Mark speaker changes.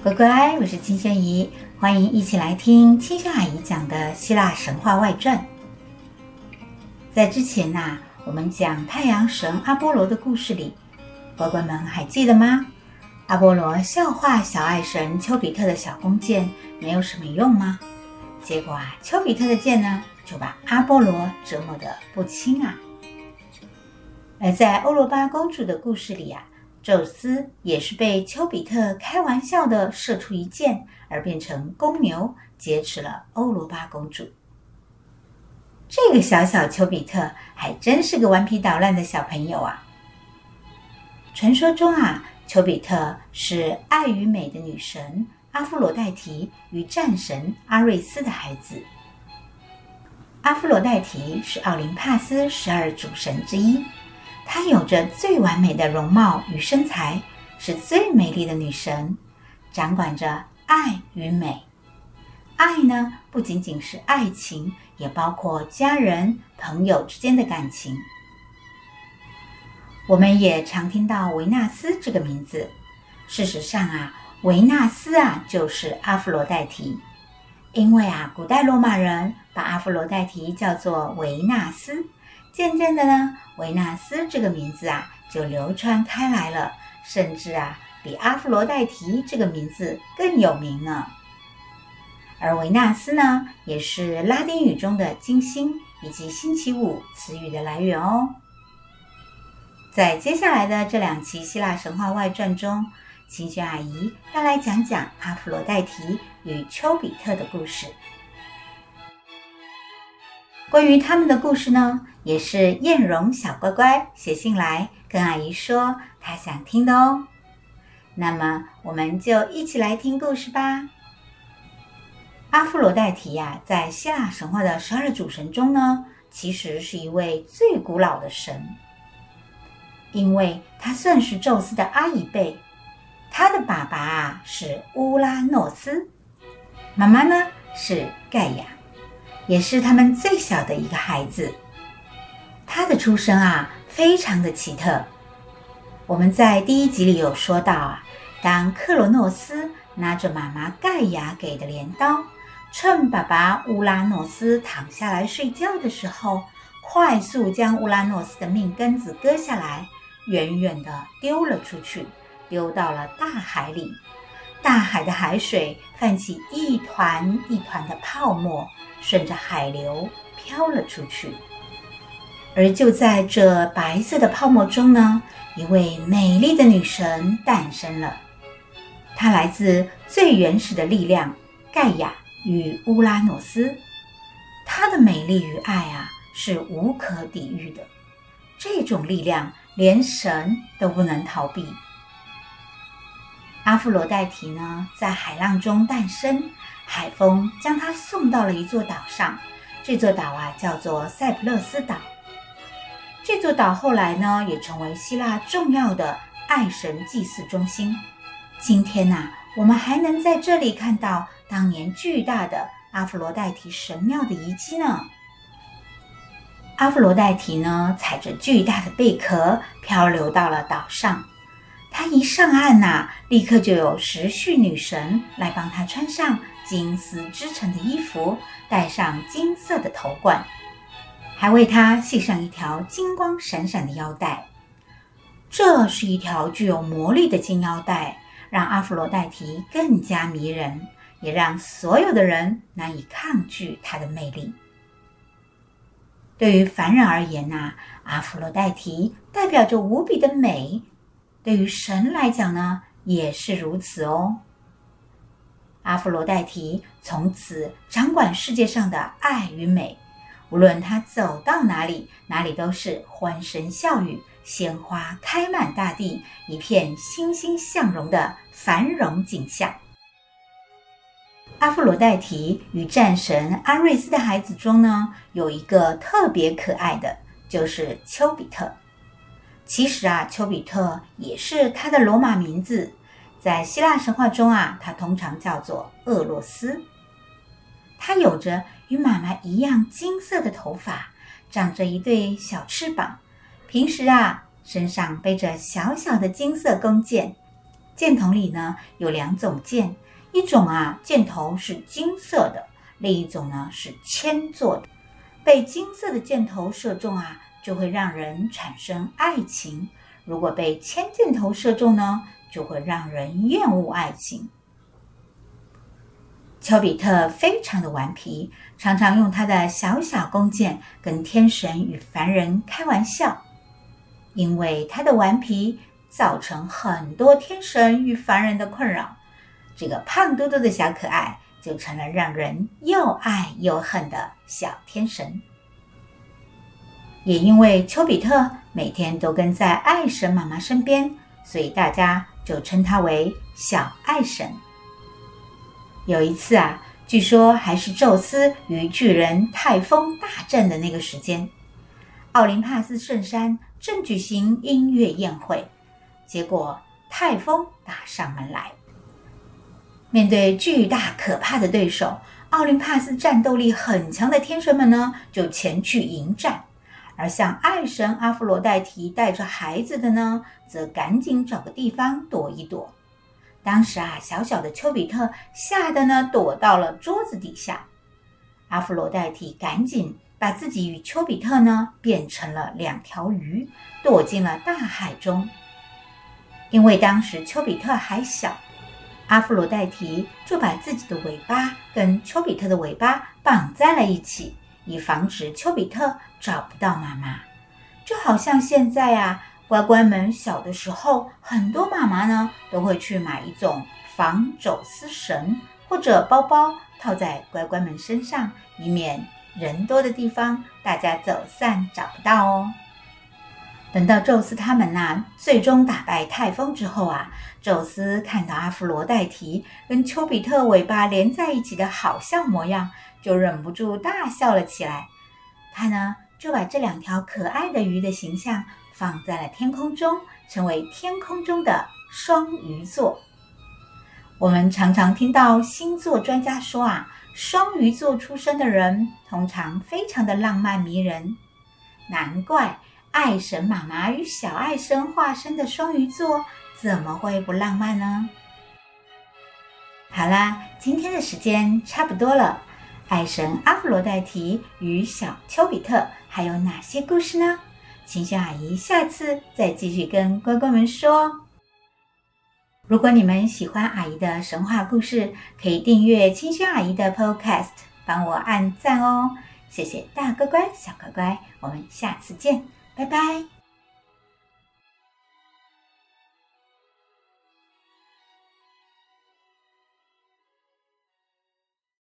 Speaker 1: 乖乖，我是青萱阿姨，歡迎一起來聽青萱阿姨講的《希臘神話外傳》。在之前吶、啊，我們講太陽神阿波羅的故事裡，乖乖們還記得嗎？阿波羅笑話小愛神丘比特的小弓箭沒有什麼用嗎？結果啊，丘比特的箭呢，就把阿波羅折磨得不輕啊。而在歐羅巴公主的故事裡啊。宙斯也是被丘比特開玩笑的射出一箭而變成公牛，劫持了歐羅巴公主。這個小小丘比特還真是個頑皮搗亂的小朋友啊！傳說中啊，丘比特是愛與美的女神阿芙蘿黛緹與戰神阿瑞斯的孩子。阿芙蘿黛緹是奧林帕斯十二主神之一。她有着最完美的容貌與身材，是最美麗的女神，掌管着愛與美。愛呢，不僅僅是愛情，也包括家人、朋友之間的感情。我們也常聽到維納斯這個名字。事實上啊，維納斯啊就是阿芙蘿黛緹，因為啊，古代羅馬人把阿芙蘿黛緹叫做維納斯。漸漸的呢，維納斯這個名字啊就流傳開來了，甚至啊比阿芙蘿黛緹這個名字更有名呢。而維納斯呢，也是拉丁語中的金星以及星期五詞語的來源哦。在接下來的這兩期希臘神話外傳中，青萱阿姨要來講講阿芙蘿黛緹與邱比特的故事。關於他們的故事呢，也是艷榮小乖乖寫信來跟阿姨說他想聽的哦，那麼我們就一起來聽故事吧。阿芙蘿黛緹啊，在希臘神話的十二主神中呢，其實是一位最古老的神，因為他算是宙斯的阿姨輩，他的爸爸啊是烏拉諾斯，媽媽呢是蓋亞，也是他們最小的一個孩子。他的出生啊，非常的奇特。我們在第一集裡有說到啊，當克羅諾斯拿着媽媽蓋亞給的鐮刀，趁爸爸烏拉諾斯躺下來睡覺的時候，快速將烏拉諾斯的命根子割下來，遠遠的丟了出去，丟到了大海裡。大海的海水泛起一團一團的泡沫，順着海流飄了出去。而就在這白色的泡沫中呢，一位美麗的女神誕生了。她來自最原始的力量——蓋亞與烏拉諾斯。她的美麗與愛啊，是無可抵禦的。這種力量連神都不能逃避。阿芙蘿黛緹呢，在海浪中誕生，海風將她送到了一座島上。這座島啊，叫做塞浦路斯島。這座島後來呢，也成為希臘重要的愛神祭祀中心。今天吶、啊，我們還能在這裡看到當年巨大的阿芙蘿黛緹神廟的遺跡呢。阿芙蘿黛緹呢，踩着巨大的貝殼漂流到了島上。他一上岸吶、啊，立刻就有時序女神來幫他穿上金絲織成的衣服，戴上金色的頭冠。還為他繫上一條金光閃閃的腰帶，這是一條具有魔力的金腰帶，讓阿芙蘿黛緹更加迷人，也讓所有的人難以抗拒他的魅力。對於凡人而言、啊，那阿芙蘿黛緹代表着無比的美；對於神來講呢，也是如此哦。阿芙蘿黛緹從此掌管世界上的愛與美。無論他走到哪裡，哪裡都是歡聲笑語，鮮花開滿大地，一片欣欣向榮的繁榮景象。阿芙羅黛提與戰神阿瑞斯的孩子中呢，有一個特別可愛的，就是丘比特。其實啊，丘比特也是他的羅馬名字，在希臘神話中啊，他通常叫做厄洛斯。他有着。與媽媽一樣金色的頭髮，長着一對小翅膀。平時啊，身上背着小小的金色弓箭，箭筒裡呢，有兩種箭，一種啊箭頭是金色的，另一種呢是鉛做的。被金色的箭頭射中啊，就會讓人產生愛情；如果被鉛箭頭射中呢，就會讓人厭惡愛情。邱比特非常的頑皮，常常用他的小小弓箭跟天神與凡人開玩笑。因為他的頑皮，造成很多天神與凡人的困擾。這個胖嘟嘟的小可愛，就成了讓人又愛又恨的小天神。也因為邱比特每天都跟在愛神媽媽身邊，所以大家就稱他為小愛神。有一次啊，據說還是宙斯與巨人泰豐大戰的那個時間，奧林帕斯聖山正舉行音樂宴會，結果泰豐打上門來。面對巨大可怕的對手，奧林帕斯戰鬥力很強的天神們呢，就前去迎戰，而像愛神阿芙蘿黛緹帶着孩子的呢，則趕緊找個地方躲一躲。當時啊，小小的邱比特嚇得呢躲到了桌子底下。阿芙蘿黛緹趕緊把自己與邱比特呢變成了兩條魚，躲進了大海中。因為當時邱比特還小，阿芙蘿黛緹就把自己的尾巴跟邱比特的尾巴綁在了一起，以防止邱比特找不到媽媽。就好像現在啊。乖乖們小的時候，很多媽媽呢都會去買一種防走失繩，或者包包套在乖乖們身上，以免人多的地方大家走散找不到哦。等到宙斯他們吶、啊、最終打敗泰風之後啊，宙斯看到阿芙蘿黛緹跟邱比特尾巴連在一起的好笑模樣，就忍不住大笑了起來。他呢就把這兩條可愛的魚的形象放在了天空中，成為天空中的雙魚座。我們常常聽到星座專家說啊，雙魚座出生的人通常非常的浪漫迷人。難怪愛神媽媽與小愛神化身的雙魚座怎麼會不浪漫呢？好啦，今天的時間差不多了。愛神阿芙蘿黛緹與小邱比特還有哪些故事呢？青萱阿姨，下次再繼續跟乖乖們說。如果你們喜歡阿姨的神話故事，可以訂閱青萱阿姨的 Podcast，幫我按讚哦。謝謝大乖乖、小乖乖，我們下次見，拜拜。